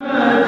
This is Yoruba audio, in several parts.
啊。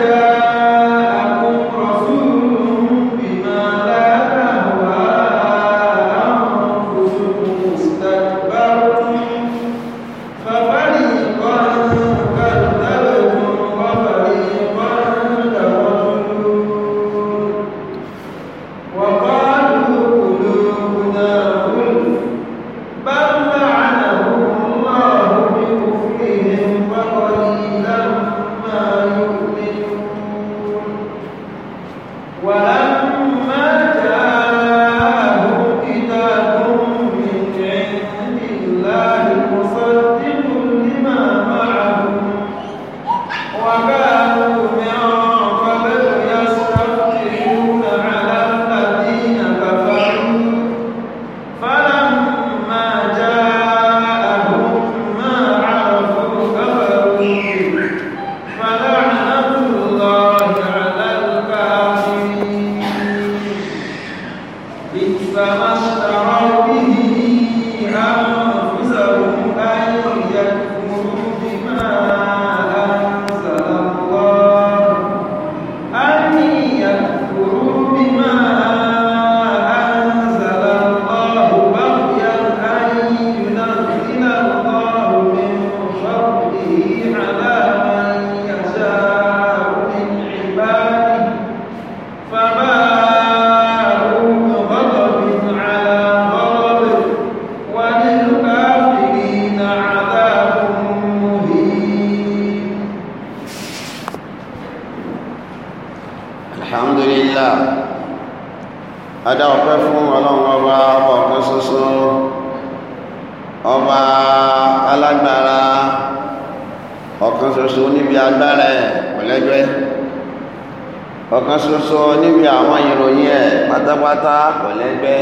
pátá kò lẹ́gbẹ́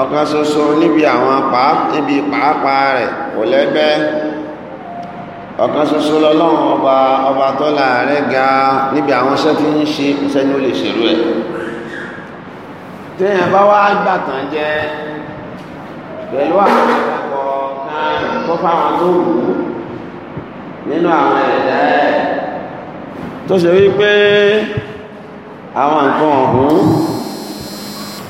ọ̀kan ṣoṣo níbi àwọn níbi pàápàá rẹ̀ kò lẹ́gbẹ́ ọ̀kan ṣoṣo lọ́lọ́run ọba ọba tó láàárẹ̀ ga níbi àwọn iṣẹ́ tí ń ṣe ìṣẹ́ni ó lè ṣèrú ẹ̀ téèyàn bá wá gbàtàn jẹ́ pẹ̀lú àwọn ìdàkọ̀ kan fáwọn tó wù nínú àwọn ẹ̀dá ẹ̀ tó ṣe wípé àwọn nǹkan ọ̀hún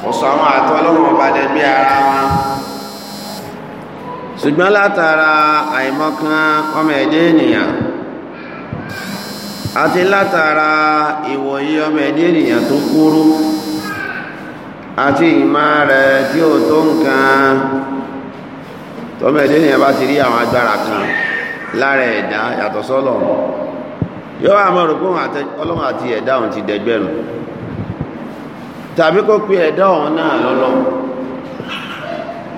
ọ̀sọ̀ àwọn àtọ́ ọlọ́run ọba dẹgbẹ́ ara wọn ṣùgbọ́n látara àìmọ̀kan ọmọ ẹ̀dẹ́ ènìyàn àti látara ìwòye ọmọ ẹ̀dẹ́ ènìyàn tó kúrú àti ìmá rẹ̀ tí ó tó nǹkan tọ́mọ ẹ̀dẹ́ ènìyàn bá ti rí àwọn agbára kan lára ẹ̀dá yàtọ̀ sọ́lọ̀ yóò wá mọ̀ rògbòhùn ọlọ́run àti ẹ̀dá òun ti dẹgbẹ̀rún tàbí kó pí ẹ̀dá òun náà lọ́lọ́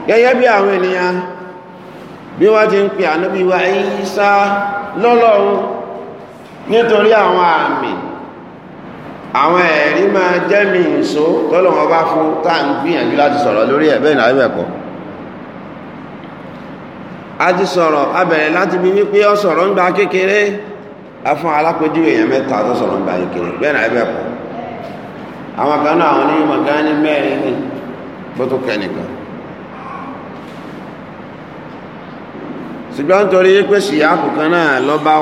gẹ́gẹ́ bí àwọn ènìyàn bí wọ́n ti ń pe ànábì wa lọ́lọ́run nítorí àwọn àmì àwọn ẹ̀rí ìṣó bá fún ń gbìyànjú láti sọ̀rọ̀ lórí afún alápẹjú èèyàn mẹta tó sọ̀rọ̀ ń báyìí kiri bẹ́ẹ̀ náà ẹbẹ̀ kọ́ àwọn kan náà àwọn onímọ̀ kan ní mẹ́rin ní bó tó ṣùgbọ́n nítorí pé síyáàpù kan náà lọ bá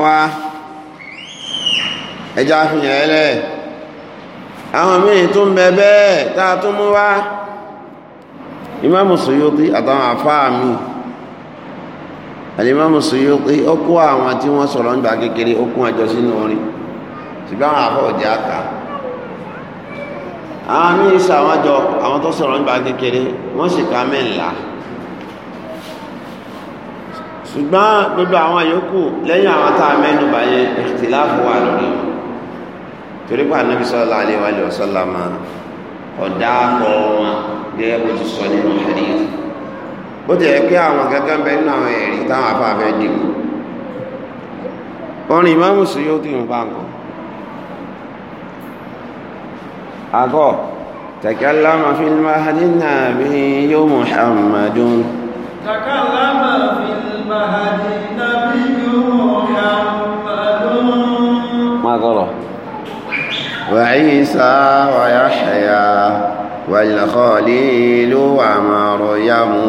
ẹja fìyàn ẹlẹ́ àwọn míì bẹ tá a mú àtàwọn Al-Imam Suyuti ó kó àwọn tí wọ́n sọ̀rọ̀ nígbà kékeré ó kún àjọ sínú orin ṣùgbọ́n àwọn àfọ̀ òjì àkà àwọn míì sàwọn jọ àwọn tó sọ̀rọ̀ nígbà kékeré wọ́n sì ka mẹ́ńlá ṣùgbọ́n gbogbo àwọn yòókù lẹ́yìn àwọn tá a mẹ́nu bà yẹn ikhtilafu wà lórí wọn torí pé Ànábì sallallahu alaihi wa sallam ọ̀dà kọ́ wọn gẹ́gẹ́ bó ti sọ nínú hadith ó ti ẹ̀ pé àwọn gẹ́gẹ́ bẹ nínú àwọn ẹ̀rí táwọn afáfẹ́ dìbò orin ìmáàmù sí yóò dìbò bá nǹkan àgọ́ takallama fil mahdi nabi Muhammadun takallama fil mahdi nabi Muhammadun má gọ́rọ̀ wa Isa wa Yahya wal Khalil wa Maryamu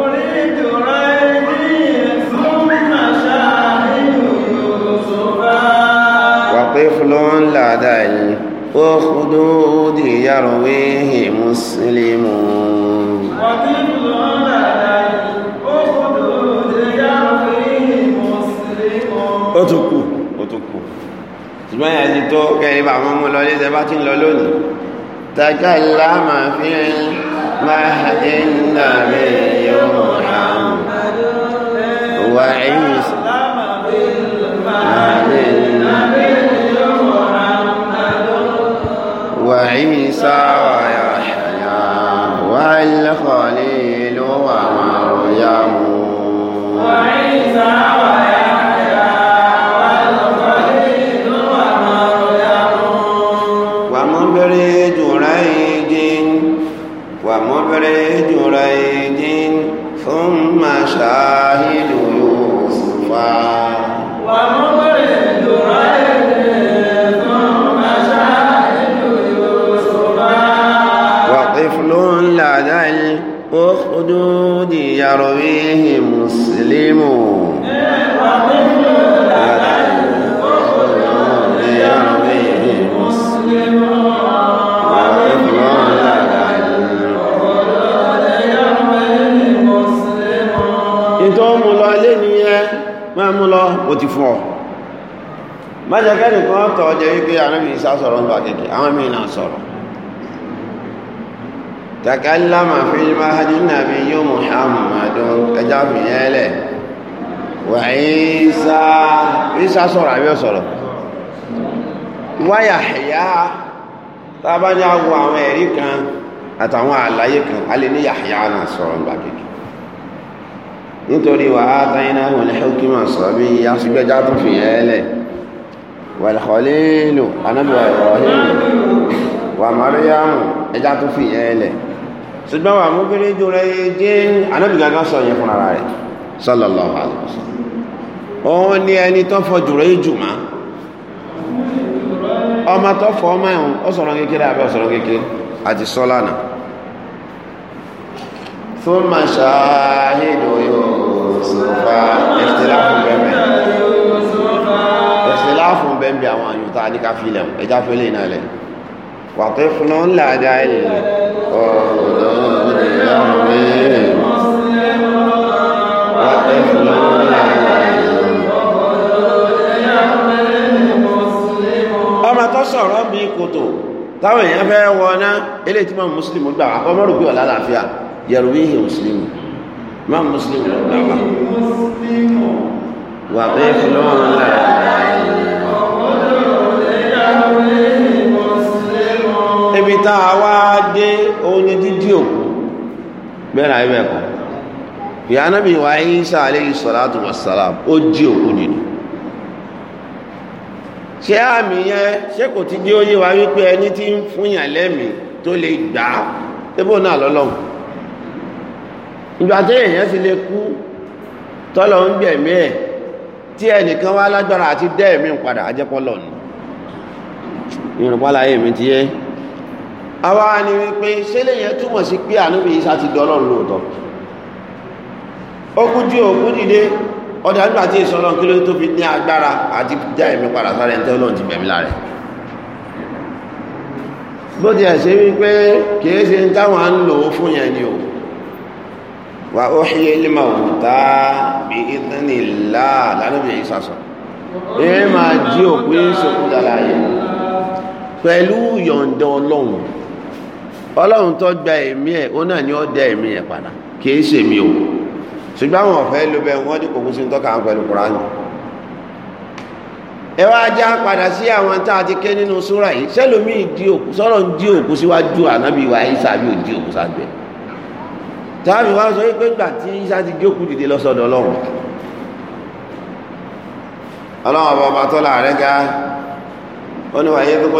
طفل لدي أخدودي يرويه مسلم وطفل لدي أخدودي يرويه مسلم ó tún kù ó tún kù ṣùgbọ́n yẹn ti tó kẹrin bá ọmọ lọ lé tẹ́bá tí ń lọ lónìí tàjà ìlà fi ń máa hàdé ńlá rẹ̀ yóò hàn wà ẹ̀yìn máa hàdé وعيسى ويحيى وعلى خالق يرويه مسلم ìtọ́ mú lọ ilé ní ẹ máa mú lọ ó ti fún ọ májẹ̀kẹ́ nìkan tọ́ jẹ́ wípé àwọn ìsá sọ̀rọ̀ ń bá kẹ́kẹ́ àwọn mìíràn sọ̀rọ̀ takallama fi mahadi nabi yu muhammadun ẹja fìyẹ́lẹ̀ wà Ìsá Ìsá sọ̀rọ̀ àbí ọ̀sọ̀rọ̀ wa Yahya tábà ní àwọn àwọn ẹ̀rí kan àtàwọn àlàyé kan a lè ní Yahya náà sọ̀rọ̀ nígbà kékeré nítorí wà á tẹ́yìnà wọn lè ṣókí máa sọ bí ya ṣùgbẹ́já tó fi ẹ̀ẹ́lẹ̀ wà anábìwà ìrọ̀hìn wà Maryamu ẹjá tó fi ẹ̀ẹ́lẹ̀ ṣùgbọ́n wà mú kéré jù rẹ̀ jẹ́ anábì gàgán sọ yẹn fúnra rẹ̀ sallallahu alaihi wasallam òun ni ẹni tó fọ jù rẹ̀ jù má ọmọ tó fọ ọmọ ẹ̀hún ó sọ̀rọ̀ kékeré àbẹ́ sọ̀rọ̀ kékeré àti sọ́lánà fún màṣá hìdò yóò sọ̀fà ẹ̀sìlá fún bẹ́ẹ̀ ẹ̀sìlá fún bẹ́ẹ̀ bí àwọn àyùtá ní káfílẹ̀ ẹ̀já fẹ́lẹ̀ náà lẹ́yìn وطفل لدى الأردن يرمي وطفل ọmọ tó sọ̀rọ̀ bí kòtò táwọn èèyàn fẹ́ wọná ilé tí máa mùsùlùmí gbà wá ọmọ rògbé ọ̀la àlàáfíà yẹ̀rù wíhì mùsùlùmí máa mùsùlùmí gbà wá wà pé fúlọ́ọ̀rùn láàrín ọ̀pọ̀lọpọ̀ Taa a wá dé òun dídí òkú bẹ́ẹ̀ náà ibẹ̀ kọ́ ìyá anábì wa Ìsá alayhi salatu ó jí òkú àmì ti dé oyé wa wípé ẹni tí ń fúnyàn lẹ́mìí tó lè gbà á débò náà lọ́lọ́hùn ìgbà tí èèyàn fi lè kú tọ́lọ̀ ń gbẹ̀mí ẹ̀ tí ẹnìkan wá àwa ni wípé ṣẹlẹ̀ yẹn túmọ̀ sí pé ànúbì Ìsá ti dọ́lọ́run lóòótọ́ ó kú jí òkú dìde ọdá kí ló tó fi ní agbára àti dá ẹ̀mí padà sáré ń ọlọ́run ti bẹ̀mí láàrẹ̀ bó ti ẹ̀ṣẹ́ wípé kìí ṣe ń táwọn ń lò ó fún yẹn ni o wà ó ṣe ìlà lánàbí ẹ máa jí láàyè pẹ̀lú ọlọ́run tó gba ẹ̀mí ẹ̀ ó náà ni ó dẹ ẹ̀mí ẹ̀ padà kìí ṣe mi o ṣùgbọ́n àwọn ọ̀fẹ́ ló bẹ wọ́n dípò kú sí tọ́ka ń pẹ̀lú kùránì ẹ wá a ti ké nínú súra yìí di òkú sọ́rọ̀ ń di òkú síwájú ànábì wa ìsà bí ò òkú wá sọ pé gbà ọba ọba tọ́lá ga ó ní wàá yẹ kó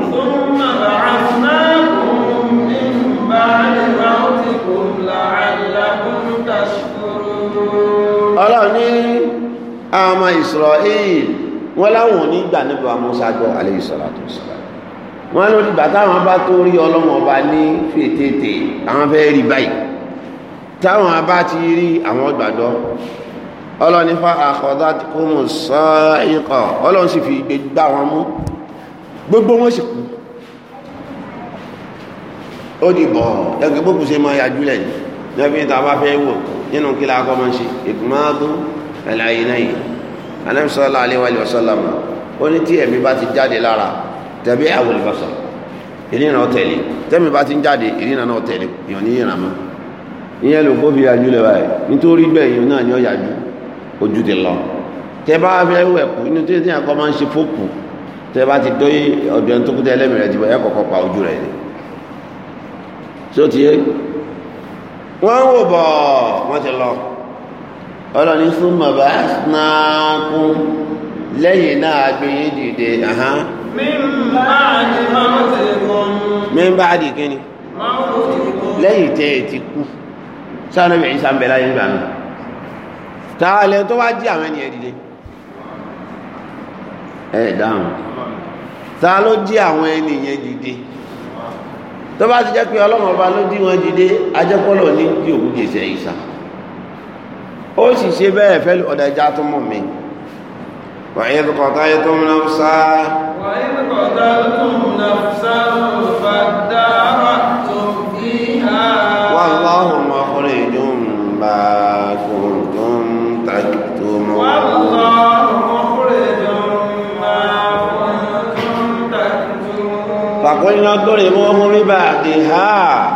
ama Israel wọn láwọn ò ní gbà níbi wa Musa gbọ́ alayhi salatu wassalam wọn ló dìgbà táwọn bá tó rí ọlọ́mọ ọba ní fètètè àwọn fẹ́ rí báyìí táwọn bá ti rí àwọn gbàgbọ́ ọlọ́ni fa àkọ́dá kó mọ̀ sán ikọ̀ ọlọ́run sì fi ìgbé gbá wọn mú gbogbo wọn sì kú ó dìbọ̀ ẹgbẹ́ gbogbo ṣe máa yájú lẹ̀ ní ẹbí ta bá fẹ́ wò nínú kí lákọ́ máa ń ṣe ìgbìmọ̀ al-aynayn anabi sallallahu alayhi wa sallam ó ní tí ẹ̀mí bá ti jáde lára tàbí awul basar ìrìnà ọ̀tẹ̀lẹ̀ tẹ́mi bá ti ń jáde ìrìnà náà ọ̀tẹ̀lẹ̀ èèyàn ní ìrànmọ́ ìyẹn ló kó fi yájú lẹ́wà ẹ̀ nítorí gbẹ̀yìn náà ni ó yájú ojú ti lọ tẹ bá fẹ́ wẹ̀ kú inú wọ́n wò bọ̀ wọ́n ti lọ ọlọ́ni fún mọ̀bá snáàkún lẹ́yìn náà gbìyìn dìde àhán mímbà àdì kíni lẹ́yìn tẹ́ ẹ̀ ti kú sáàrùn ìbẹ̀ ìsà ń bẹ̀lá yìí gbà náà tààlẹ̀ tó wá jí àwọn ènìyàn dìde ẹ̀ dáhùn ta ló jí àwọn ènìyàn dìde tó ti jẹ́ pé ọlọ́mọba ló jí wọn dìde ní òkú ó sì ṣe bẹ́ẹ̀ fẹ́ ọ̀dà ìjà tó mọ̀ mi وإذ قضيتم نفسا وإذ قضيتم نفسا فادارأتم فيها والله مخرج ما كنتم تكتمون والله مخرج ما كنتم تكتمون فقلنا اضربوه ببعضها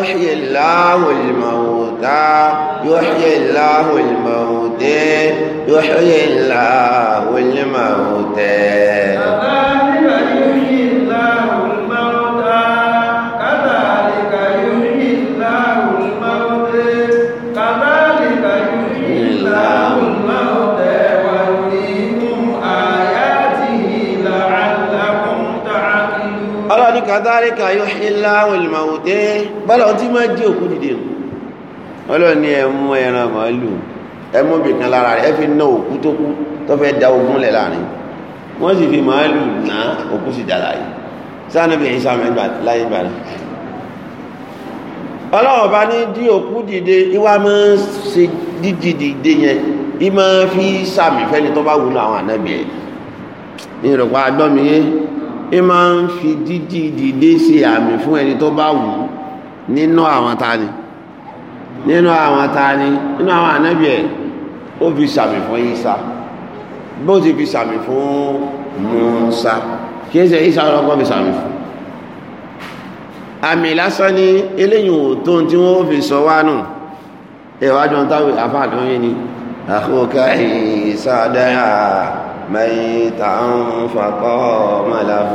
يحيي الله الموتى يحيي الله الموتى يحيي الله الموتى كذلك يحيي الله الموت ẹ bọ́lá ọtí máa jí òkú dìde ọlọ́run ní ẹmú ẹran màálù ẹmú bìkan lára rẹ̀ ẹ fi ná òkú tó kú tó fẹ́ da ogun lẹ̀ láàrin wọ́n sì fi màálù ná òkú sì dà láàyè sanabi isa mẹ́gbà láyé gbà rẹ̀ ọlọ́run bá ní dí òkú dìde ìwà máa ń ṣe dídì dìde yẹn ìmọ̀ fi sàmì fẹ́ni tó bá wúlò àwọn ànábì ẹ̀ ní ìrọ̀pá agbọ́mi yẹn ẹ máa ń fi dídí dìde ṣe àmì fún ẹni tó bá wù ú nínú àwọn tani nínú àwọn tani nínú àwọn ànábì ẹ̀ ó fi ṣàmì fún Ìsá bó ti fi ṣàmì fún Mùsá kì í ṣe Ìsá lọ́kọ́ fi ṣàmì fún àmì lásán ni eléyìí ò tó tí wọ́n fi sọ wá nù ẹ̀wájú táwọn afáàkàn yìí ni àkókò Ìsá dáa ميتا فقام له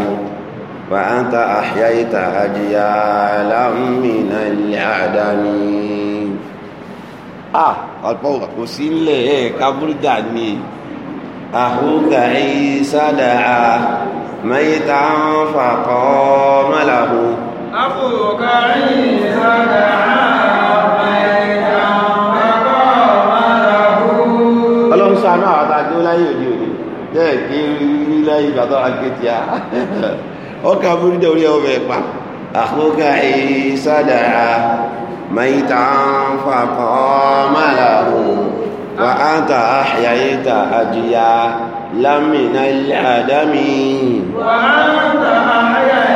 وأنت أحييت أجيالا من العدم ah ọ̀pọ̀ kò sí ilẹ̀ ẹ̀ kábúrúdà ni àhúkà ìsádà á mẹ́ta ń fàkọ́ mọ́làhù. àfòkà ìsádà á mẹ́ta ń fàkọ́ mọ́làhù. ọlọ́run sọ àná àwọn àtàjọ́ láyé òde tẹ́ ẹ̀ kí rí láyé ìgbà tó wà kéjì á ọkà búrúdà orí ọbẹ̀ pa àkókò ìsádà maita fàkọ́ màláhù wà á ta àyàyé ta àjìyà àdámì wà á ta àyàyé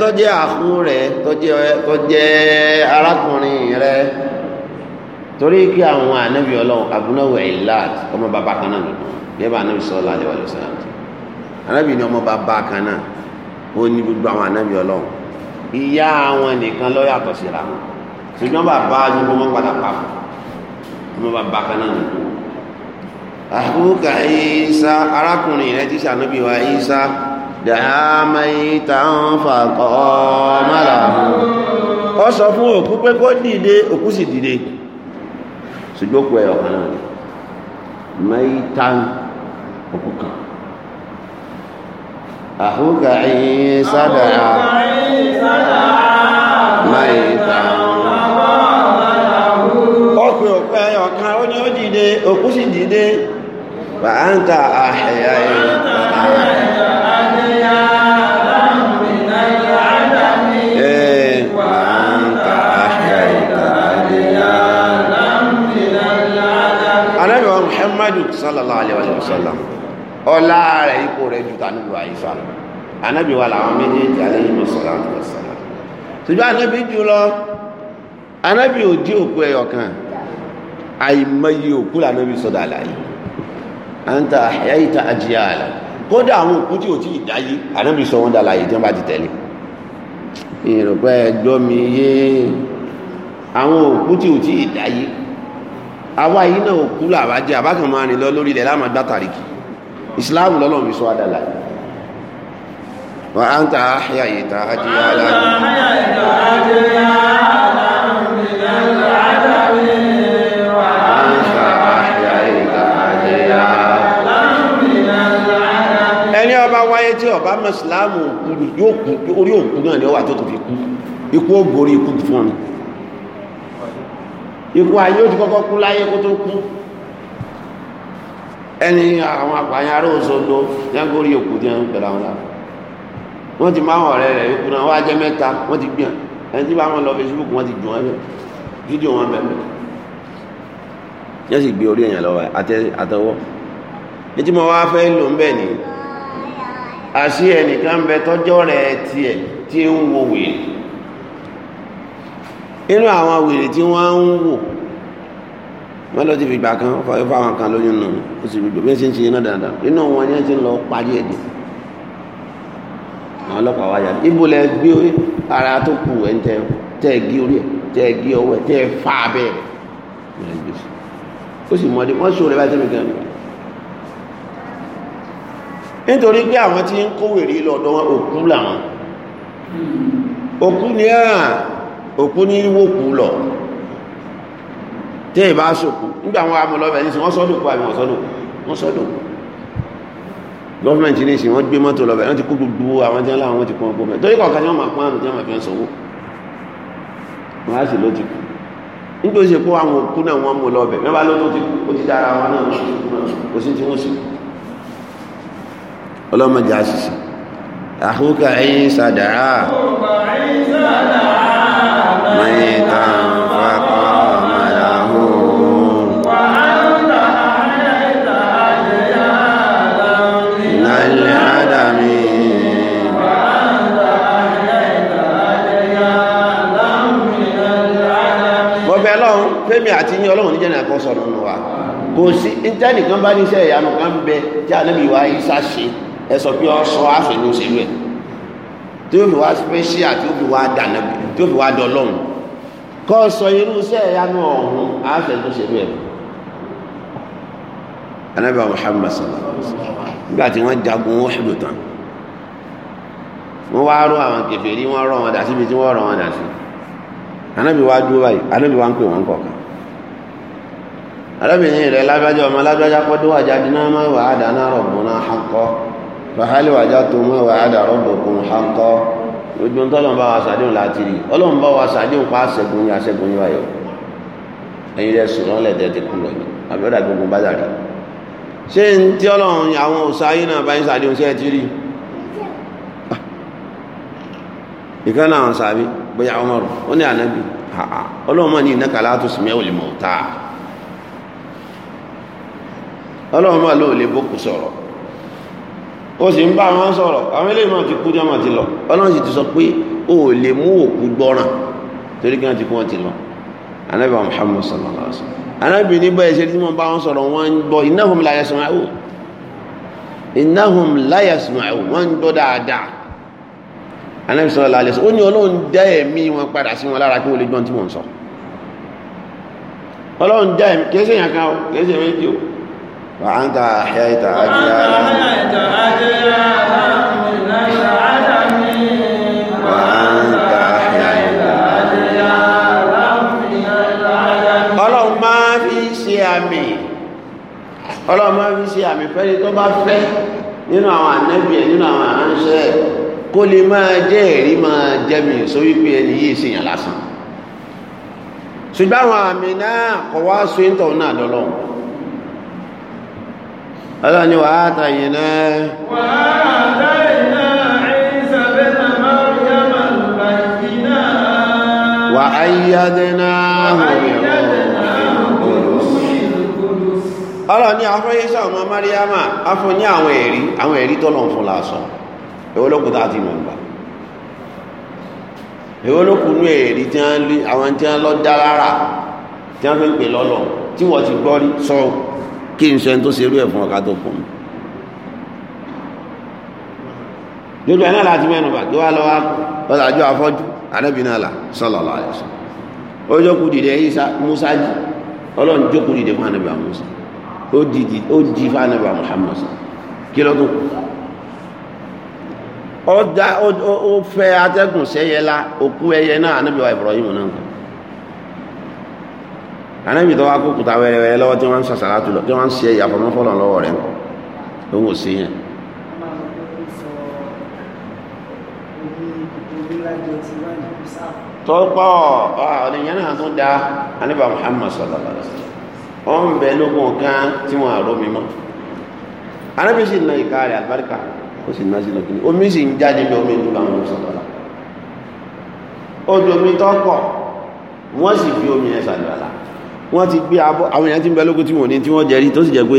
tó jẹ́ àhún rẹ̀ tó jẹ́ arákùnrin rẹ̀ torí kí àwọn ànábì ọlọ́run abúnáwò ìlàt ọmọ bàbá kan náà lòdùn yẹ́bà ànábì sọ́ọ́lá àlẹ́ wàlẹ́ sọ́ọ́lá ànábì ni ọmọ bàbá kan náà ó ní gbogbo àwọn ànábì ọlọ́run ìyá àwọn nìkan ló yàtọ̀ síra wọn ṣùgbọ́n bàbá gbogbo wọn padà papọ̀ ọmọ bàbá kan náà lòdùn. àbúkà ìsá arákùnrin rẹ ti ṣànábì wa ìsá dàá mẹ́ta ń fàkọ́ mọ́là ọ sọ fún òkú pé kó dìde òkú sì dìde ṣùgbọ́n kú ẹ̀yọ̀ kan náà mẹ́ta òkú kan àhúgà ẹ̀yìn sádàá mẹ́ta ọkùn òkú ẹ̀yọ̀ kan ó ní ó dìde òkú sì dìde bàá ń ta àhẹ̀yà ẹ̀yọ̀ muhammadu sallallahu alaihi wa sallam ọlá rẹ̀ ipò rẹ̀ ju tanubu àyíṣà anabi wa làwọn méjèèjì alayhi masalatu wasalam ṣùgbọ́n anabi jù lọ anabi ò dí òkú ẹyọ kan àìmọye òkú lànàbí sọdọ àlàyé anta ahyayta ajyala kódà àwọn òkú tí ò tí ì dáyé ànábì sọ wọn dàlàyé tí wọn bá ti tẹ̀lé ìrọ̀pẹ́ ẹgbọ́ mi yé àwọn òkú tí ò tí ì dáyé àwa yìí náà òkú làwa àbákan máa rìn lọ lórí ilẹ̀ láàmà gbátàríkì ìsìláàmù lọ́lọ́run fi sọ wá dàlàyé wa anta ahya ìta ajiyala. tí ọba mọ́sílámù yóò kú orí òkú náà ni ó wà tó tó fi kú ikú ó borí ikú fún ọ ikú ayé ó ti kọ́kọ́ kú láyé kó tó kú ẹni àwọn àpàyàn ará Òṣogbo yángórí òkú tí wọ́n bẹ̀rẹ̀ àwọn lára wọ́n ti máa ń ọ̀rẹ́ rẹ̀ ikú náà wọ́n á jẹ́ mẹ́ta wọ́n ti gbìyàn ẹni tí wọn lọ Facebook wọ́n ti dùn ẹ́ bẹ́ẹ̀ fídíò wọn bẹ́ẹ̀ bẹ́ẹ̀ sì gbé orí èèyàn lọ́wọ́ àtẹwọ́ ní tí mo wá fẹ́ lò ń bẹ́ẹ̀ nìyí àṣì ẹnìkan ń bẹ tọ́jọ́ rẹ̀ tiẹ̀ tí ń wo wèrè inú àwọn wèrè tí wọ́n ń wò wọ́n lọ ti fi gbà kan fáwọn kan lóyún nù ó sì rí bí ẹ ṣe ń ṣe iná dandan inú wọn yẹn ti ń lọ parí ẹ̀dẹ̀ àwọn ọlọ́pàá wá yà ibo lẹ gbé ara tó kù ẹ̀ ń tẹ tẹ gé orí ẹ̀ tẹ gé ọwọ́ ẹ̀ tẹ fà bẹ́ẹ̀ ó sì mọ̀ ọ́ dé wọ́n sọ̀rọ̀ ẹ̀ bá tẹ̀mí gan-an nítorí pé àwọn tí ń kówèrè lọ́dọ̀ wọn òkú làwọn òkú ní àà òkú ní wòkú lọ tí ìbá sòkú nígbà wọn amọ̀lọ́bẹ̀ ní sí wọ́n sọ́dọ̀kú àbí wọ́n sọ́dọ̀kú wọ́n sọ́dọ̀kú gọ́ọ̀mẹ̀ntì ní sí wọ́n gbé mọ́tò lọ́bẹ̀ wọ́n ti kó gbogbo àwọn tí wọ́n ti kún ọgbọ́n ọlọ́mọdé àṣìṣe àhúkà ẹ̀yìn sàdàá mẹ́ta fàkọ́ màláhù nàlẹ́ àdàmì bọ́bẹ̀ ọlọ́run fẹ́mi àti yín ọlọ́run níjẹ́ nìkan sọ̀rọ̀ nù wa kò sí ìtẹ́nìkan bá níṣẹ́ ìyanu kan bẹ tí ànábì wa Ìsá ẹ sọ pé ọ sọ àfẹnú òṣèlú ẹ tí ó fi wá special tí ó fi wá dànà tí ó fi wá dọlọ́hùn kọ́ sọ irú ìyanu ọ̀hún àfẹnú òṣèlú ẹ. anábìá Muhammad sallallahu nígbà tí jagun wọ́n ṣubú tán wọ́n wá rọ àwọn kèfèrí wọ́n rọ wọn dà síbi tí wọ́n rọ wọn dà fàhálì wàjá tó mọ́ ìwà àdàrọ̀ bòkun hankọ́ ojú tọ́lọ̀ bá sàdéhùn láti rí ọlọ́run bá sàdéhùn pa àṣẹgun ní àṣẹgun ní wáyọ̀ ẹ̀yin rẹ̀ sùn lọ́lẹ̀ tẹ́tẹ́ kú lọ ní gbogbo bá dàrí ṣé ń tí ọlọ́run àwọn náà bá ń sí ẹ ti rí ìkan náà sàbí bóyá ó ní ànábì ọlọ́run mọ̀ ní iná kàlá tó sì mẹ́wò lè mọ̀ ọlọ́run mọ̀ lóò lè bókù sọ̀rọ̀ ó sì ń bá wọn sọ̀rọ̀ àwọn eléyìí máa ti kú jẹ́ máa ti lọ ọlọ́run sì ti sọ pé o ò lè mú òkú gbọ́ràn torí kí wọ́n ti kú wọn ti lọ anábì Muhammad sallallahu alaihi wasallam anábì ní bẹ́ẹ̀ ṣe tí wọ́n bá wọn sọ̀rọ̀ wọ́n ń gbọ́ innahum la yasma'un innahum la yasma'un wọ́n ń gbọ́ dáadáa anábì sallallahu alaihi wasallam ó ní ọlọ́run dá ẹ̀mí wọn وأنت أحييت أجيالا ọlọ́run máa fi ṣe àmì ọlọ́run máa fi ṣe àmì fẹ́ni tó bá fẹ́ nínú àwọn ànẹ́bì ẹ̀ nínú àwọn àránṣẹ́ ẹ̀ kó lè máa jẹ́ ẹ̀rí máa jẹ́mi só wípé ẹni yìí sì yàn lásán ṣùgbọ́n àwọn àmì náà kọ̀wá sóyíntọ̀ náà dọ́lọ́run ọlọ́ni wà á tàyè náà wà á tàyè náà Isa bin Maryam al-bayyinat wà á yáde náà ọlọ́ni afẹ́yẹsà ọmọ Maryama afọ́ ní àwọn ẹ̀rí àwọn ẹ̀rí tọ́lọ̀ fún lásán ewolókun tá a ti ẹ̀rí tí wọ́n lọ dá rárá tí wọ́n fi ń pè lọ́lọ́ tí wọ́n ti gbọ́ sọ́ọ̀ kí n sọ ẹni tó ṣerú ẹ̀ fún ọ̀ká tó kùn mí lójú ẹ̀ náà láti mẹ́nu bà kí wá lọ́wọ́ ọ̀làjọ́ afọ́jú anábì náà là sallallahu alaihi wasallam ó jókòó dìde Ìsá Mùsá jì ọlọ́run jókòó dìde fún anábì Mùsá ó dìde ó di fún anábì Muhammad kí lọ́tún kù ó fẹ́ atẹ́gùn sẹ́yẹ la òkú ẹyẹ náà anábì wa Ibrahim náà kù ànábì tó wá kó kùtà wẹ́rẹ́wẹ́rẹ́ lọ́wọ́ tí wọ́n ń sàṣàlá tó lọ tí wọ́n ń ṣe ìyàfọ́mọ́ fọ́lọ̀ lọ́wọ́ rẹ̀ lóhùn òsì yẹn. tó pọ̀ ọ̀nìyàn náà tó da ànábì Muhammad sallallahu alaihi wasallam ó ń bẹ lógún kan tí wọ́n àrò mi mọ́ ànábì sì na ìka rẹ̀ àlùbáríkà ó sì ná sí lọ kìnnì omi sì ń jáde ní omi ìdúrà wọn sọ̀tọ̀lá odò omi tó pọ̀ wọ́n sì fi omi yẹn sàlùwàlà wọ́n ti gbé abọ́ àwọn èèyàn ti ń bẹ lóko tí wọ́n ní tí wọ́n jẹ rí tó sì jẹ pé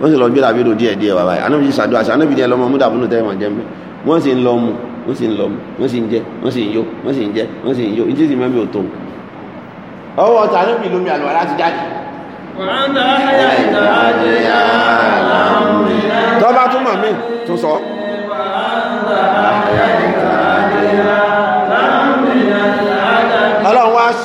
wọ́n sì lọ gbé làbí lò díẹ̀ díẹ̀ bàbá yìí anábì ti ṣàdúrà sí anábì ni ẹ lọ́mọ múdà fúnnú tẹ́wọ̀n jẹ́ mi wọ́n sì ń lọ mu wọ́n sì ń lọ mu wọ́n sì ń jẹ wọ́n sì ń yó wọ́n sì ń jẹ wọ́n sì ń yó ìdí sì mẹ́mi ò tó. ọwọ́ ta anábì lómi àlùwà láti jáde. tọ́ba tún mọ̀ tún sọ.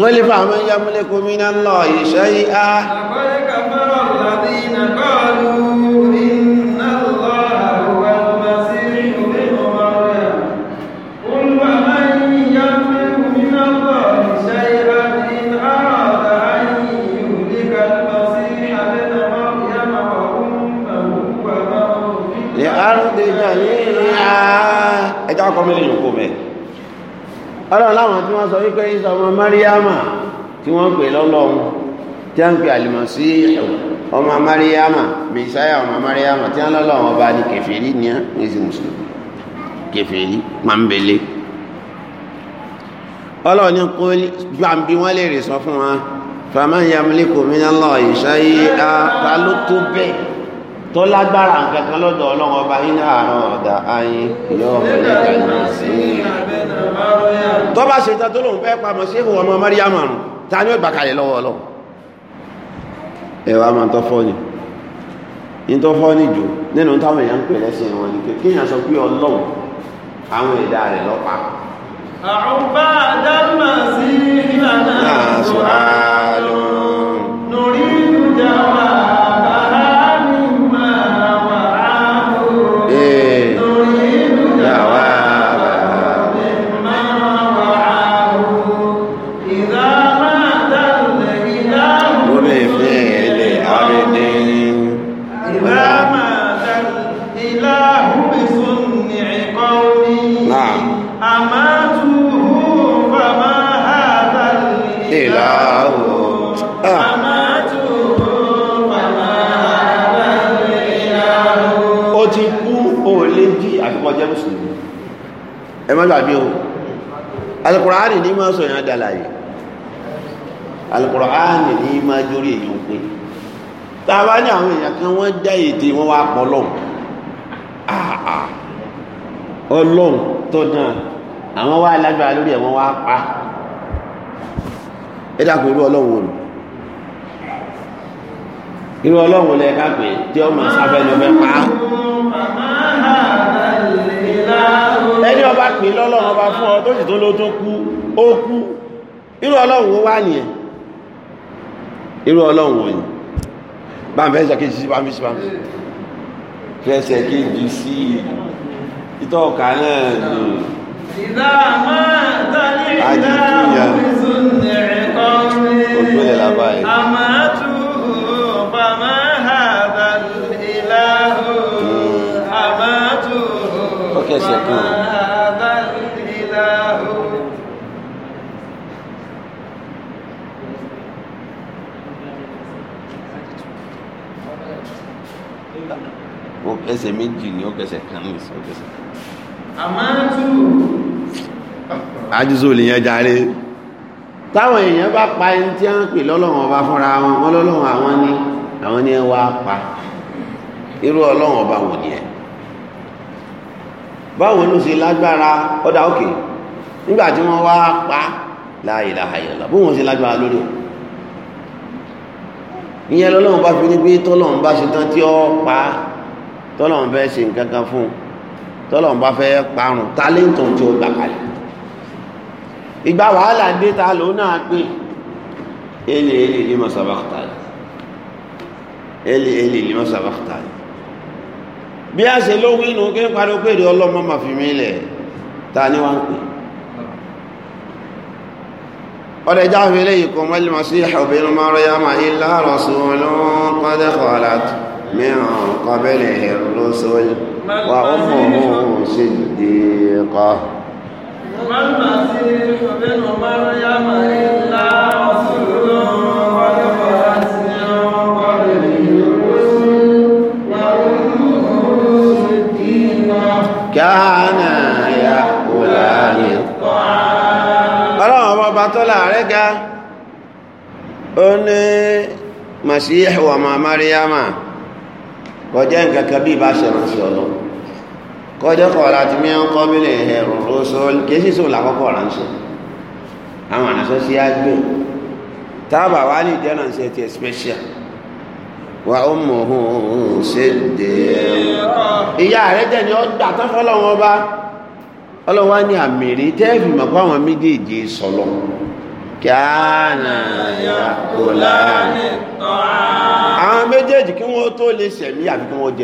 غلب من يملك من الله شيئا لقد كفر الذين قالوا إن الله هو المسيح ابن مريم قل ومن يملك من الله شيئا إن أراد أن يهلك المسيح ابن مريم وأمه ومن في الأرض جميعا اجعلكم اليوم ọlọ́run láwọn tí wọ́n sọ wípé ìsọ ọmọ mariama tí wọ́n pè lọ́lọ́run tí wọ́n pè àlùmọ̀sí ọmọ mariama mẹsáyà ọmọ mariama tí wọ́n lọ́lọ́run ọba ní kẹfìrí ní ẹ̀sìn mùsùlùmí kẹfìrí pàmbélé ọlọ́run ní kó gbàǹbí wọ́n lè rè sọ fún wa fàmà yamliku minallahi shay'an ta ló tó bẹ́ẹ̀ tó lágbára nǹkan kan lọ́dọ̀ ọlọ́run ọba yín náà àrùn ọ̀dà ayé yóò tó bá ṣe tán tó lòun fẹ́ pamọ́ sí ìhùwọ́ ọmọ Maryam àrùn ta ni ó lọ́wọ́ Ọlọ́run ẹ máa tọ́ ni yín tọ́ jù nínú táwọn èèyàn ń pè lẹ́sìn wọn ni kéèyàn sọ pé Ọlọ́run àwọn ẹ̀dá rẹ̀ lọ́pa. àrùbá dámà gbàgbé o alukur'ani ní máa sọ yẹn dàlàyé alukur'ani ní máa jórí èèyàn pé tá a bá ní àwọn èèyàn kan wọ́n já èdè wọn wá pọ̀ lọ́hùn ọlọ́hùn tó dáa àwọn wá lágbára lórí ẹ̀ wọ́n wá pa ẹ dàgbò irú ọlọ́hùn olù irú ọlọ́hùn lẹ́ẹ̀ká pé tí ọmọ sábẹ́ ni ọmọ ẹ pa á ẹni ọba pè lọ́lọ́run ọba fún ọ tó sì tó ló tó kú ó kú irú ọlọ́run ó wà nìyẹn irú ọlọ́run wọ̀nyí bá ń fẹ́ sọ kejì sí bámi sí bámi fẹsẹ̀ kejì sí ìtọ́ ọ̀ka náà nù. ìdá máa tọ́lé ìdá òfin sùn ẹ̀ṣẹ̀ kan. ó ẹsẹ̀ méjì ni O kẹsẹ̀ kan O ìsìn òkẹsẹ̀. àmọ́tù. ajísò lè yẹn jáde táwọn èèyàn bá pa ẹni tí wọ́n ń pè lọ́lọ́run ọba fúnra wọn wọn lọ́lọ́run ni àwọn ni ẹ pa irú ọlọ́run oba wò ni ẹ báwo ló ṣe lágbára ọ̀dà òkè nígbà tí wọ́n wá pa la ilaha illallah bó wọn ṣe lágbára lórí o ìyẹn lọ́lọ́run bá fi ní pé tọ́lọ́run bá ṣe tán tí ó pa tọ́lọ́run fẹ́ ṣe nǹkan kan fún un tọ́lọ́run bá fẹ́ parun tálẹ́ǹtì tí ó gbà kalẹ̀ ìgbà wàhálà dé ta ló náà pé ele ele lima sabakhtani ele ele lima sabakhtani bí a ṣe ló wínú kí n parí pé èdè ọlọ́mọ máa fi mí lẹ̀ ta ni wọ́n ń pè ọdẹ jáfe léyìí kò mọ́lì mọ́ sí obìnrin máa rọ yàmà ilá rasulun qad ga ó ní masihu ọmọ mariama kọjá nǹkan kan bí ìbá ṣe rántí ọlọ kọjá kọ láti mí ń kọ bí lè hẹrù rọṣọ kìí sì sùn lákọ̀ọ́kọ́ ránṣẹ́ àwọn àṣọ sí àgbẹ tábà wà ní ìjẹ náà ṣe ti special wa ó mọ òun ṣe dé ìyá rẹ jẹ ni ó gbà tán fọlọ́wọ́n bá ọlọ́wọ́ ní àmì rí tẹ́ẹ̀fì mọ̀ pé méjèèjì sọ̀lọ́ kíánà yàkùlá àwọn méjèèjì kí wọ́n tó lè sẹ̀mí àbí kí wọ́n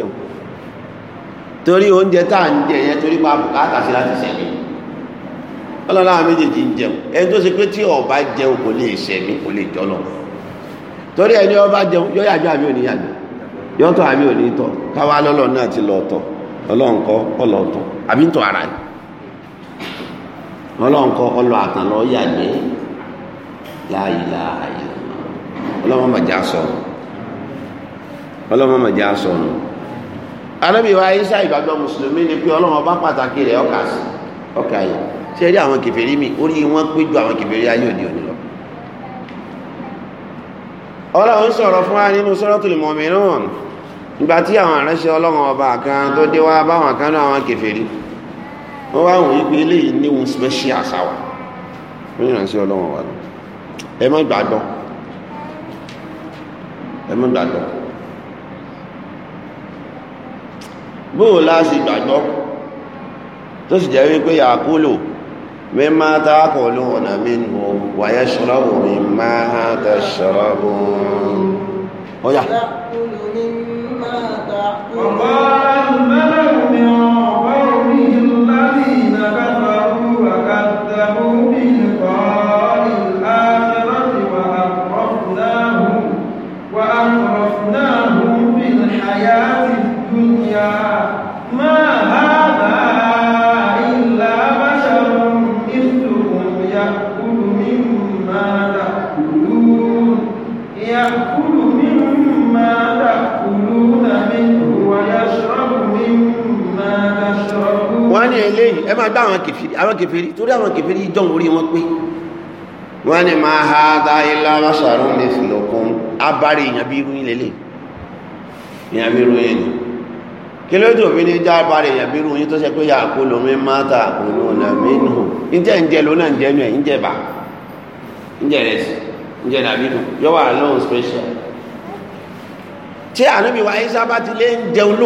torí oúnjẹ tá ń jẹ yẹn torí pa bùkátà sí láti sẹ̀mí ọlọ́lá àwọn méjèèjì ń jẹun ẹni tó ṣe pé tí ọba jẹun kò lè sẹ̀mí kò lè jọlọ torí ẹni ọba jẹun yọ yàjọ àmì òní àmì òní tọ̀ káwá náà ti lọ láàyílá àyè ọlọ́mọ màjá sọnù ọlọ́mọ màjá sọnù anábìwá isa ìgbàgbọ́ mùsùlùmí ni pé ọlọ́mọ bá pàtàkì rẹ̀ ọkà sí ọkà yìí ṣe rí àwọn kèfèrí mi orí wọn pé ju àwọn kèfèrí ayé òde òní lọ ọlọ́run sọ̀rọ̀ fún wa nínú Suratul Mu'minun nígbà tí àwọn àránṣẹ́ ọlọ́run ọba kan tó dé wá báwọn kan náà àwọn kèfèrí wọ́n wá wọ̀nyí pé eléyìí níwọ̀n special sáwà wọ́n yìí ránṣẹ́ ọlọ́run ọba náà ẹ má gbàgbọ́ ẹ má gbàgbọ́ bóò láti gbàgbọ́ tó sì jẹ́ wípé yàkúlò mi máa ta kọlu ọ̀nà mi nù wàyẹ ṣọ́rọ́bù mi máa ta ṣọ́rọ́bù ọ̀yà. Ọ̀pọ̀ àlùmọ́lẹ̀ mi ẹ máa gbá àwọn kèfèrí àwọn kèfèrí torí àwọn kèfèrí jọ̀n orí wọn pé wọ́n ní máa ha dá ilá lọ́sàrún ní fìlọ̀kún abárí èèyàn bí irú ilẹ̀ lè èèyàn ni kí ló dùn mí ní já abárí èèyàn bí irú yín tó ṣe pé yà kó ló mi má ta special tí ànábì wa ayé sábà ti lé ń jẹun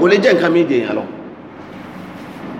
kò lè jẹ́ nǹkan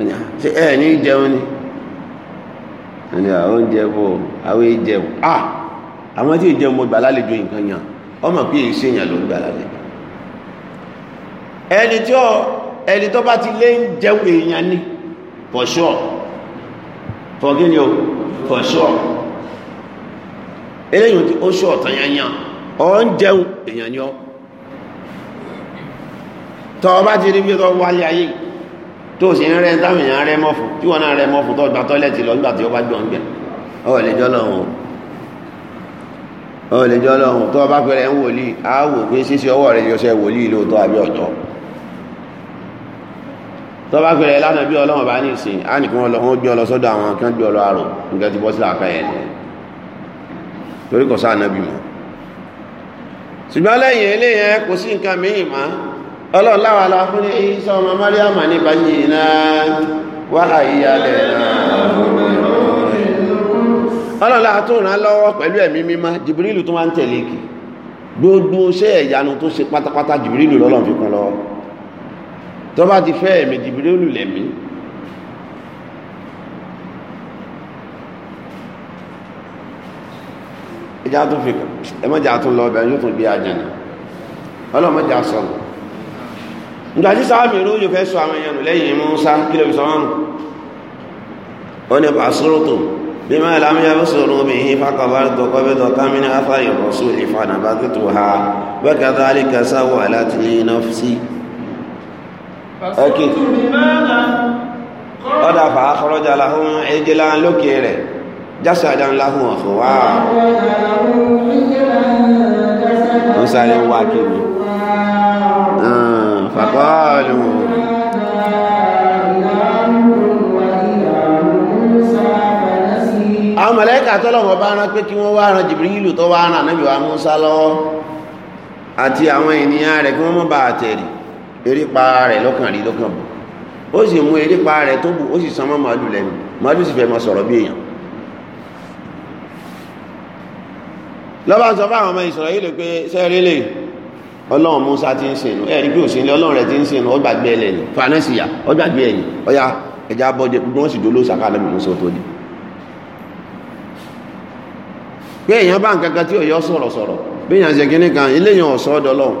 ṣe ẹ ní jẹun ni ẹni àwọn oúnjẹ bò àwọn ìjẹun à ah! àwọn tí ìjẹun mo gbà lálejò nǹkan yàn ọmọ pé èsì èèyàn ló ń gbà lálejò ẹni tí ó ẹni tó bá ti lé ń jẹun èèyàn ni for sure for gini o for sure eléyìí tí ó ṣe ọ̀tàn yẹn yàn ọ ń jẹun èèyàn ni ọ tọ́ ọ bá ti rí bí ọ wálé ayé yìí tó sì ń rẹ táwọn èèyàn rẹ mọ́fù tí wọn náà rẹ mọ́fù tó gba tọ́lẹ̀tì lọ nígbà tí ó bá jọ ń gbẹ ọ lè jọ lọ́hùn ọ lè jọ lọ́hùn tó o bá pẹrẹ ń wòlíì á wò pé ṣíṣe ọwọ́ rẹ yọṣẹ wòlíì lóòótọ́ àbí ọ̀tọ̀ tó o bá pẹrẹ lánàá bí ọlọ́run bá ní ìsìn á nìkan lọ wọn gbé ọ lọ sọ́dọ̀ àwọn kan gbé ọ lọ àrùn nǹkan ti bọ́ sí làákà yẹn ni torí kò sáà náà bímọ ṣùgbọ́n lẹ́yìn eléyẹn kò sí nǹkan mìíràn ọlọ́láwà la fún Ìsá ọmọ Maryam ní bàjìnà wà àyíyálẹ̀ ọlọ́lá tó ràn lọ́wọ́ pẹ̀lú ẹ̀mí mímá Jibrilu tó máa ń tẹ̀lé kì gbogbo ṣẹ́ ẹ̀yanu tó ṣe pátápátá Jibrilu lọ́lọ́n fi kún lọ tó bá ti fẹ́ ẹ̀mí Jibrilu lẹ̀mí ẹjá tó fi ẹmọ́jà ìgbàjí sáàmì ìrú yóò fẹ́ sọ àwọn èèyàn lẹ́yìn Mùsá kí lè sọ́wọ́n ó ní pàṣírùtù bí máa lámúyá bí sọ̀rọ̀ mi yìí fákọ̀bárí tọkọ bí tọ́ka mi ní afárí rọ̀sù ìfànà bá tó ha bẹ́ẹ̀ka tó alíkà فقالوا àwọn mẹ̀lẹ́kà tọ́lọ̀wọ̀ bá rán pé kí wọ́n wá rán Jibrilu tó wá rán wa lọ́wọ́ àti àwọn ènìyàn rẹ̀ kí wọ́n mọ́ bá àtẹ̀rì erípa rẹ̀ lọ́kàn rí lọ́kàn bù ó sì mú erípa rẹ̀ tó bù ó sì san mọ́ màálù lẹ́nu ọlọ́run musa ti ń sìnú ẹ̀rí pé òsínlẹ̀ ọlọ́run rẹ̀ ti ń sìnú ọgbàgbé ẹlẹ́ni fanẹ́sìyà ọgbàgbé ẹ̀yìn ọya ẹja bọ́jẹ gbogbo wọn sì dó di. pé èèyàn bá nǹkan tí òye sọ̀rọ̀ sọ̀rọ̀ bí èèyàn ṣe kan ọ̀sọ́ ọlọ́run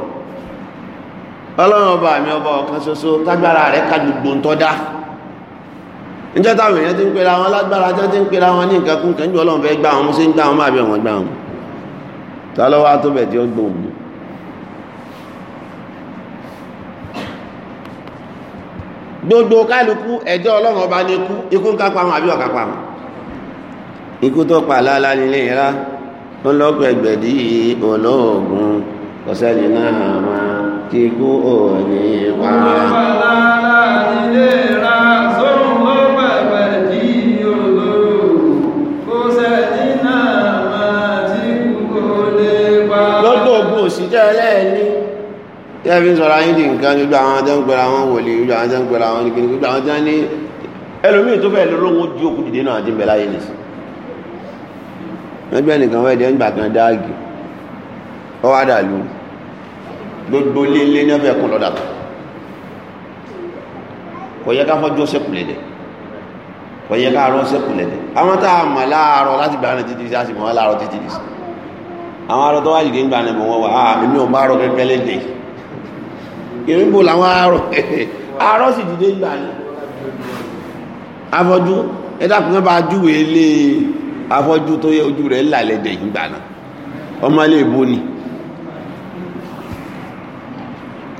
ọba ọba ọ̀kan ṣoṣo tágbára rẹ̀ gbogbo ń tọ́dá táwọn ti ń pera wọn lágbára ti ń ní nǹkan ọlọ́run ta gbogbo kálukú ẹjọ́ ọlọ́run ọba ní ikú ikú ń kápá wọn àbí ọ̀ká pa wọn ikú tó pa lálá nílé ìrá ó lọ́pọ̀ ẹgbẹ̀dí olóògùn ọ̀sẹ́ni náà máa kí ikú ò wá. ó lálá nílé ìrá. yẹ́ fi ń sọ̀rọ̀ ayé di nǹkan gbogbo àwọn ajá ń gbẹ̀rẹ̀ àwọn wòlé gbogbo àwọn ajá ń gbẹ̀rẹ̀ àwọn nìkan gbogbo àwọn ajá ní ẹlòmíì tó fẹ́ẹ̀ lọ́wọ́ ju òkú dìde náà àjẹmẹ̀ láyé nìsí. ẹgbẹ́ nìkan wẹ́ẹ̀ dẹ́ ńgbà kan dáàgì ọ wá dà lù gbogbo líle ní ọbẹ̀ kún lọ́dà kò yẹ ká fọ́jú ọ̀sẹ̀kùlẹ̀ dẹ̀ kò yẹ ká arọ́ ọ̀sẹ̀kùlẹ̀ dẹ̀ àwọn tá a mọ̀ láàárọ̀ láti gbà náà títí sí àsìmọ́ láàárọ̀ títí sí àwọn arọ́ tó wáyé gbé ńgbà náà mọ̀ wọ́n wà á ah, mímí ò bá rọ kẹ́kẹ́ lédè ìrìnbó làwọn arọ arọ sì dìde gbà ní afọ́jú ẹ̀dàkùnrin bá júwe lé afọ́jú tó yẹ ojú rẹ̀ lálẹ́dẹ̀ ìgbà náà ọmọ ilé ìbò ni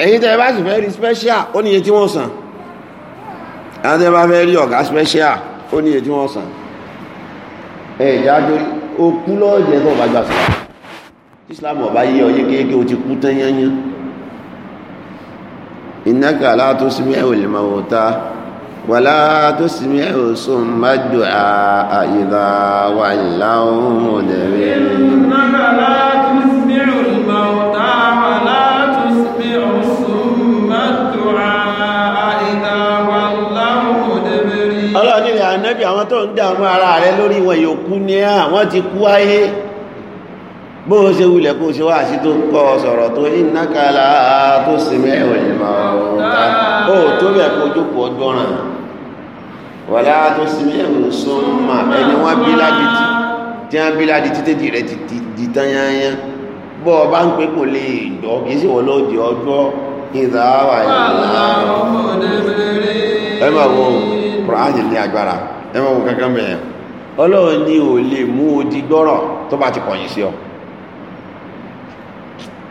ẹ̀yin tẹ́ bá sì fẹ́ rí special ó níye tí wọ́n san ẹ̀yin tẹ́ bá fẹ́ rí ọ̀gá special ó níye tí wọ́n san ẹ̀ẹ́dá dórí okú lọ́ọ̀jẹ́ tó bá gbà sí Islam ọ̀bá yí ọ yékéyéké o ti kú tẹ́yányán ìnáka látó sími ẹ̀wò lè máa wòta wà látó sími ẹ̀wò só má jù àìdá wà láwọn òdẹ̀rẹ́ ìnáka látó sími ẹ̀wò lè máa wòta wà látó sími ẹ̀wò só má jù àìdá wà láwọn òdẹ̀rẹ́ ọlọ́ọ̀ni rẹ̀ ànábì àwọn tó ń dààmú ara rẹ̀ lórí wọn yòókù ni àwọn ti kú ayé bó o ṣe wulẹ̀ kó o ṣe wá àṣì tó kọ́ ọ sọ̀rọ̀ tó ìnákàlà tó sì mẹ́wọ̀n ìmọ̀ ó tó bẹ̀ kó jókòó ọgbọ́ràn wàlá tó sì mẹ́wọ̀n súnmà ẹni di tán yányá bọ́ ọ bá ń pé kò lè gbọ́ kì í sì wọ́n ló di ọjọ́ ìdáwà ìlànà ẹ máa wo ní agbára ẹ máa kankan mẹ́ẹ̀ ọlọ́run ni ò lè mú odi gbọ́rọ̀ tó bá ti kọ̀yìn sí ọ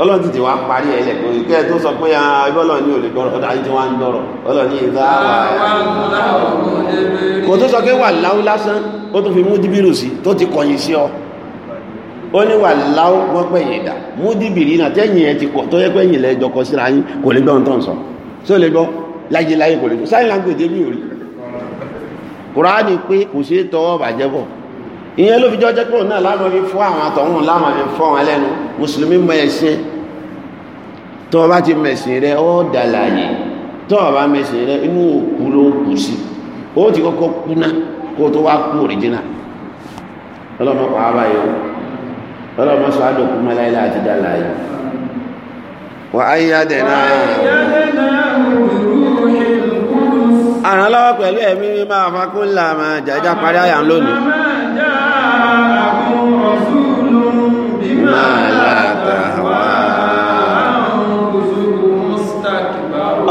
ọlọ́run ti ti wá parí ẹ̀ lẹ̀ pé kẹ́ tó sọ pé ah, ọlọ́run ní olè gbọ́rọ̀ ọ̀dà àyíjọ́ wa ń dọ̀rọ̀ ọlọ́run ní ìdá wà. kò tó sọ pé wà láwú lásán ó tún fi mú sí tó ti kọ̀yìn sí ọ ó ní wà láwú wọ́n pẹ̀ yìí náà tẹ́yìn ẹ ti kọ̀ tó yẹ pé yìnlẹ̀ ẹjọ́ kọ síra yín kò lè gbọ́n tó sọ sí ó lè gbọ́ láyé láyé kò lè gbọ́ sáyìn láńgbèdè mi ò rí kùránì pé kò ṣeé tọwọ́ bàjẹ́ bọ̀ ihe ló fi jọ́ jẹ́ pé òun náà láàmà fi fọ́ àwọn àtọ̀hún láàmà fi fọ́ wọn lẹ́nu mùsùlùmí mọ tó o ti mẹ̀sìn rẹ dàlàyé tó o bá rẹ inú òkú ló kù sí ó ti kọ́kọ́ kúná kó tó wá kú òrìjìnà ọlọ́mọ pa ara yìí ọlọ́mọ sọ àdókù mọ́láyé láti dàlàyé wà á àràn lọ́wọ́ pẹ̀lú ẹ̀mí mímọ́ àfakúnlà máa jàjá parí àyà lónìí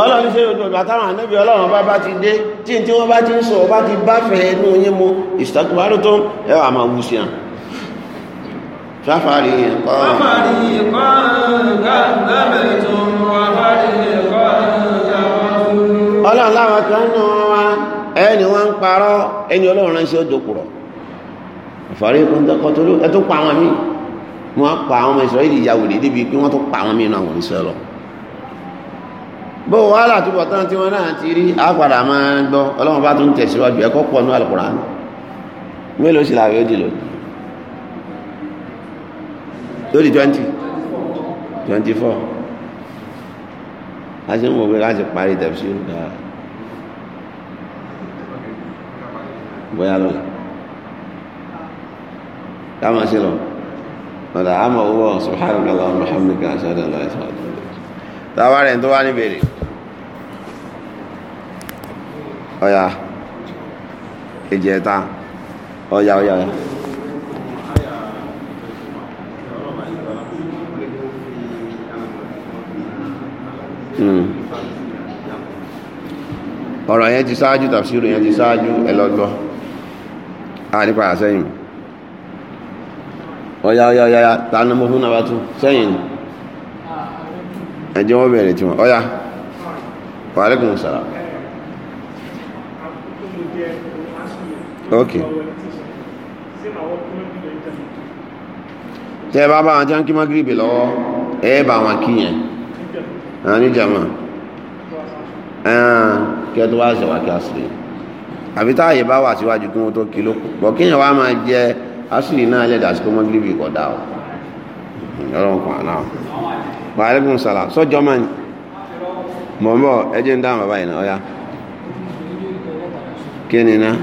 ọlọ́run ṣe òdò àtàwọn ànẹ́bí ọlọ́run bá bá ti dé tí tí wọ́n bá ti ń sọ bá ti bá fẹ̀ ẹnu yín mú ìsìtàkùnbárò tó ẹwà máa wù sí àn sáfàrí ẹ̀kọ́ sáfàrí ẹ̀kọ́ gàgbẹ̀tún wà fàrí ọlọ́run láwọn kan nù wa ẹni wọ́n ń parọ́ ẹni ọlọ́run ránṣẹ́ ó dòkùrọ̀ ìfọ̀rí ìkúndọ́kọ̀tọ́lú ẹ tó pa àwọn míì wọ́n pa àwọn ọmọ ìsọ̀rọ̀ ìyàwó lè débi pé wọ́n tó pa àwọn míì náà wọ́n sọ lọ bó wàhálà tó bọ̀ tán tí wọ́n náà ti rí àpàdà máa ń gbọ́ ọlọ́run bá tún tẹ̀síwájú ẹ̀kọ́ pọ̀ ní Al-Qur'an mélòó sì làwé ó dì lónìí lórí twenty twenty four a ṣe ń wọ̀ pé láti parí tẹ̀sí ìrúkà bóyá lọ́la káma ṣe lọ lọ́la àmọ́ owó subhanahu wa ta'ala muhammadika aṣọ́dọ̀ lọ́la ìṣọ́ táwa rẹ̀ tó wá ní bèrè ọ̀yà ìjẹta ọ̀yà ọ̀yà ọ̀yà. Hmm. ọ̀rọ̀ yẹn ti ṣáájú tàfsírù yẹn ti ṣáájú ẹlọ́gbọ́ ànípa àṣẹ́yìn ọ̀yá ọ̀yá ọ̀yá tánà mọ́ fún náà sẹ́yìn ẹjẹ́ wọ́n bẹ̀rẹ̀ tí wọ́n ọ̀yá wàhálẹ́kùn sàrà ok tẹ́ bá bá wọn jẹ́ kí mọ́gírìbì lọ́wọ́ ẹ bá àwọn oníjàmọ́ ẹ̀hán kí ẹ tó wá ṣẹ̀wá kí asìlè àbí táàyè bá wà síwájú kí wọ́n tó kí ló pọ̀ kéèyàn wá máa jẹ asìlè náà das sí kó mọ́ gíríbì kọ̀dá o ọlọ́run kan náà wàhálẹ́gùn sàlà sọ́jọ́ máa ń mọ̀ mọ́ ẹjẹ́ ń dáhùn ni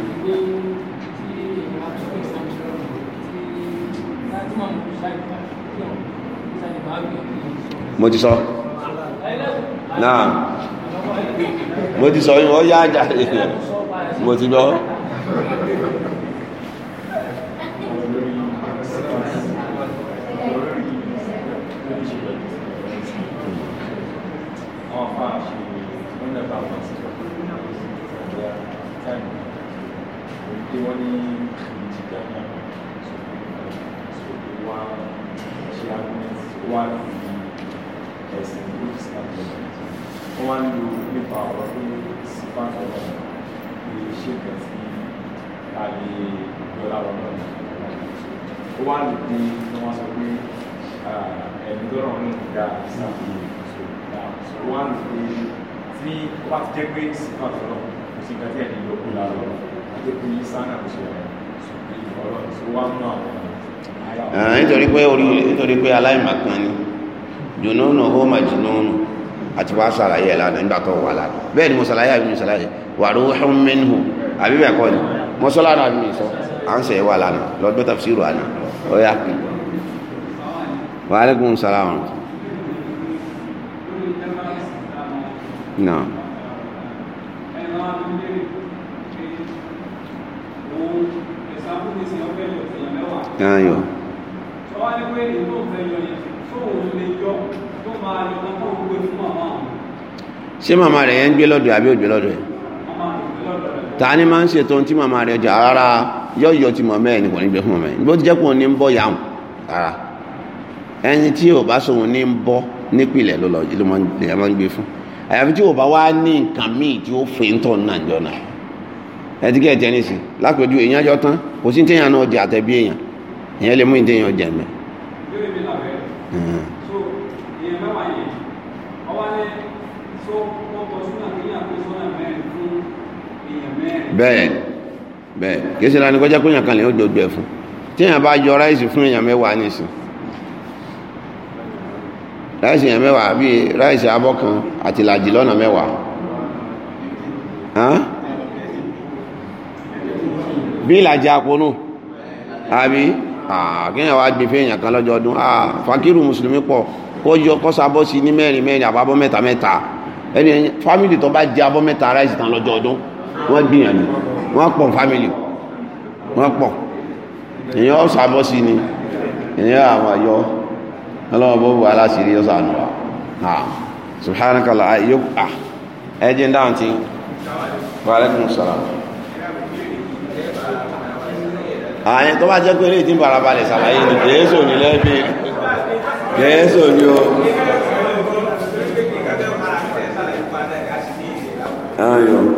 mo ti sọ. So. náà mo ti sọ yín wọ́n yá àjà mo ti lọ. one ẹ̀sìn ní ìsìlámù wọ́n wá ń lo nípa ọ̀rọ̀ pé sípàtọ̀ ọ̀rọ̀ ní iṣẹ́ kan tí a lè yọlá wọn náà ní ó wá lè dé wọ́n wá sọ pé ẹ̀mí lọ́rọ̀ náà kò dáa ìsìlámù ó wá lè pé tí ó bá ti jẹ́ pé sípàtọ̀ ọ̀rọ̀ kò sí nǹkan tí ẹ̀mí yọ kó àti pé sánà kò ṣe ọ̀rọ̀ tó wá mú àwọn àyà. nítorí pé aláìmọ̀kan ni. jununu hó majnunu àti wàá sàlàyé ẹ̀ lánàá nígbà tó wà lánàá bẹ́ẹ̀ ni mo sàlàyé àbí mi sàlàyé wà ruhun minhu àbí bẹ́ẹ̀ kọ́ ni mo sọ lánàá àbí mi sọ à ń sẹ̀yẹ̀ wà lánàá lọ́dún tafsiru àná ó yà kí. wa alaikum salaam. náà. ṣé màmá rẹ̀ yẹn gbé lọ́dọ̀ àbí ògbé lọ́dọ̀ ẹ̀ ta ni máa ń ṣètò tí màmá rẹ̀ ọjà rárá yọ yọ ti màmá ẹ̀ ní kò fún màmá ẹ̀ bó ti jẹ́ pé ní ń yàwùn rárá ẹni tí ò bá sóhun ní ń bọ̀ nípìnlẹ̀ ló lọ ló máa ń gbé fún àyàfi tí ò bá wá ní nǹkan míì tí ó bẹ́ẹ̀ bẹ́ẹ̀ kìí ṣe láti kọjá pé èèyàn kan lè ó gbogbo ẹ̀ fún tí èèyàn bá yọ ráìsì fún èèyàn mẹ́wàá nìsín ráìsì èèyàn mẹ́wàá bíi ráìsì abọ́ kan àti làjì lọ́nà mẹ́wàá bí ìlàjì àpò nù àbí àkíyàn wá gbé fẹ́yàn kan lọ́jọ́ ọdún àà fakiru mùsùlùmí pọ̀ kó yọ kọ́sàbọ́ sí ní mẹ́rin mẹ́rin àbábọ́ mẹ́ta mẹ́ta ẹni fámìlì tó bá jẹ abọ́ mẹ́ta ráìsì tán lọ́jọ́ ọdún wọ́n gbìyànjú wọ́n pọ̀ fámìlì wọ́n pọ̀ èyàn ọ̀sà bọ́ sí ni èyàn àwọn àyọ ọlọ́wọ́ bó bu aláṣìírí ọ̀sà nù wa ha subhanakala yóò à ẹ jẹ́ ń dáhùn tí wa alaikum salaam àyẹn tó bá jẹ́ pé eléyìí tí ń bára balẹ̀ ṣàlàyé ni kèésò ní lẹ́bí kèésò ní o. ayọ̀.